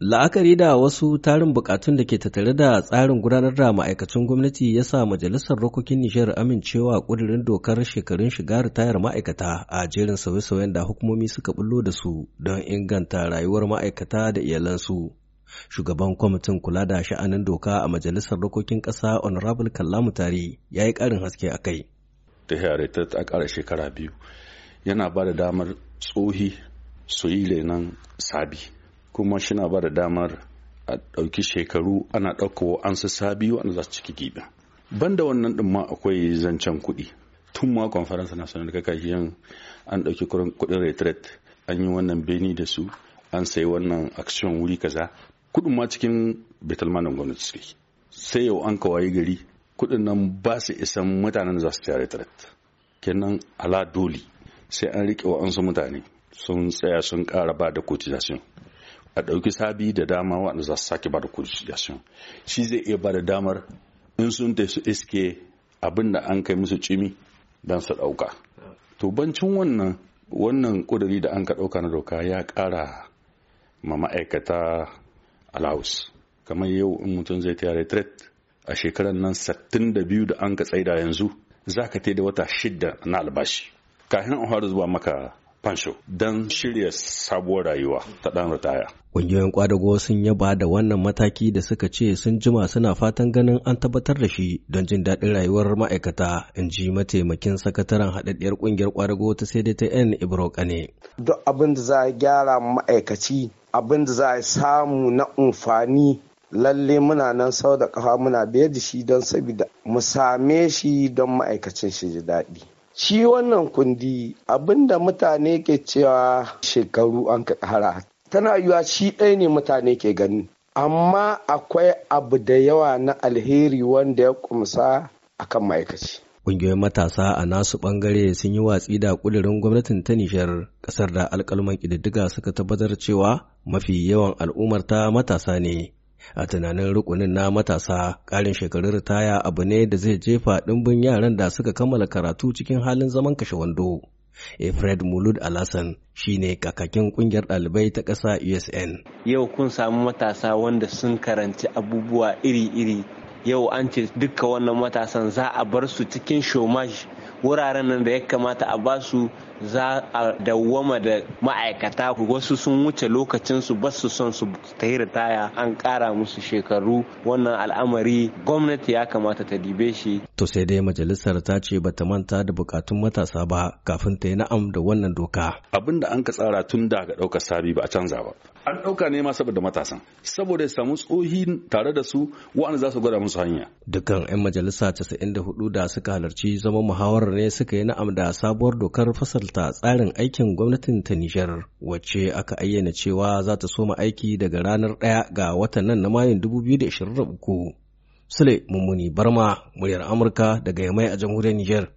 La'akari da wasu tarin bukatun da ke tattare da tsarin gudanar da ma'aikacin gwamnati ya sa Majalisar Rokokin Nijar amincewa kudurin dokar shekarun shiga ritayar ma'aikata a jerin sauye-sauyen da hukumomi suka bullo da su don inganta rayuwar ma'aikata da iyalansu. Shugaban kwamitin kula da sha'anin doka a Majalisar Rokokin Ƙasa Honorable Kallamu Tari ya yi ƙarin haske a kai. Ta a ƙara shekara biyu yana ba da damar tsohi su yi lenan sabi. kuma shi na ba da damar a ɗauki shekaru ana ɗaukowa an su sabi wanda za su ciki Ban da wannan ɗin ma akwai zancen kuɗi tun ma na sanar da an ɗauki kuɗin retret an yi wannan beni da su an sayi wannan action wuri kaza kuɗin ma cikin betalmanin gwamnati suke sai yau an kawai gari kuɗin nan ba su isan mutanen za su tsaya retret kenan ala doli sai an riƙe wa'ansu mutane sun tsaya sun ƙara ba da cotization a ɗauki sabi da dama waɗanda za su sake ba da constitution shi zai iya ba da damar in sun ta su iske abin da an kai musu cimi don su ɗauka to bancin wannan wannan ƙudiri da an ka ɗauka na doka ya ƙara ma ma'aikata allowance kamar yau in mutum zai taya retret a shekarar nan 62 da an ka tsaida yanzu za ka da wata shidda na albashi kafin a fara zuwa maka fansho don shirya sabuwar rayuwa ta ɗan ritaya. Ƙungiyoyin ƙwadago sun yaba da wannan mataki da suka ce sun jima suna fatan ganin an tabbatar da shi don jin daɗin rayuwar ma'aikata in ji mataimakin sakataren haɗaɗɗiyar ƙungiyar ƙwadago ta sai ta yan ibro kane. Duk abin da za a gyara ma'aikaci abin da za a samu na amfani lalle muna nan sau da ƙafa muna biyar da shi don sabida mu same shi don ma'aikacin shi ji daɗi. Shi wannan kundi abinda mutane ke cewa shekaru an kakara Tana yiwa shi ɗaya ne mutane ke gani. Amma akwai abu da yawa na alheri wanda ya kumsa kan ma'aikaci. Ƙungiyoyin matasa a nasu ɓangare sun yi watsi da ƙudurin gwamnatin ta Nijar ƙasar da alƙalman ƙididdiga suka tabbatar cewa mafi yawan al'ummar ta matasa ne. a tunanin rukunin na matasa ƙarin shekarun ritaya abu ne da zai jefa ɗimbin yaran da suka kammala karatu cikin halin zaman kashe wando efred mulud alasan shine kakakin ƙungiyar ɗalibai ta ƙasa usn yau kun samu matasa wanda sun karanci abubuwa iri-iri yau an ce dukka wannan matasan za a bar su cikin shomaji wuraren nan da ya kamata a basu za a dawwama da ma'aikata wasu sun wuce lokacin su ba su son su ta ritaya an kara musu shekaru wannan al'amari gwamnati ya kamata ta dibe shi to sai dai majalisar ta ce bata manta da bukatun matasa ba kafin ta yi na'am da wannan doka abin da an ka tsara tun da ga ɗaukar sabi ba a canza ba an ɗauka ne ma saboda matasan saboda ya samu tsohi tare da su wa'anda za su gwada musu hanya dukkan 'yan majalisa 94 da suka halarci zaman muhawar Nijar ne suka yi na'am da sabuwar dokar fasalta tsarin aikin gwamnatin ta Nijar wacce aka ayyana cewa za ta soma aiki daga ranar ɗaya ga watan nan na Mayun 2023. Sule Mummuni Barma, muryar Amurka daga Yamai a jamhuriyar Nijar.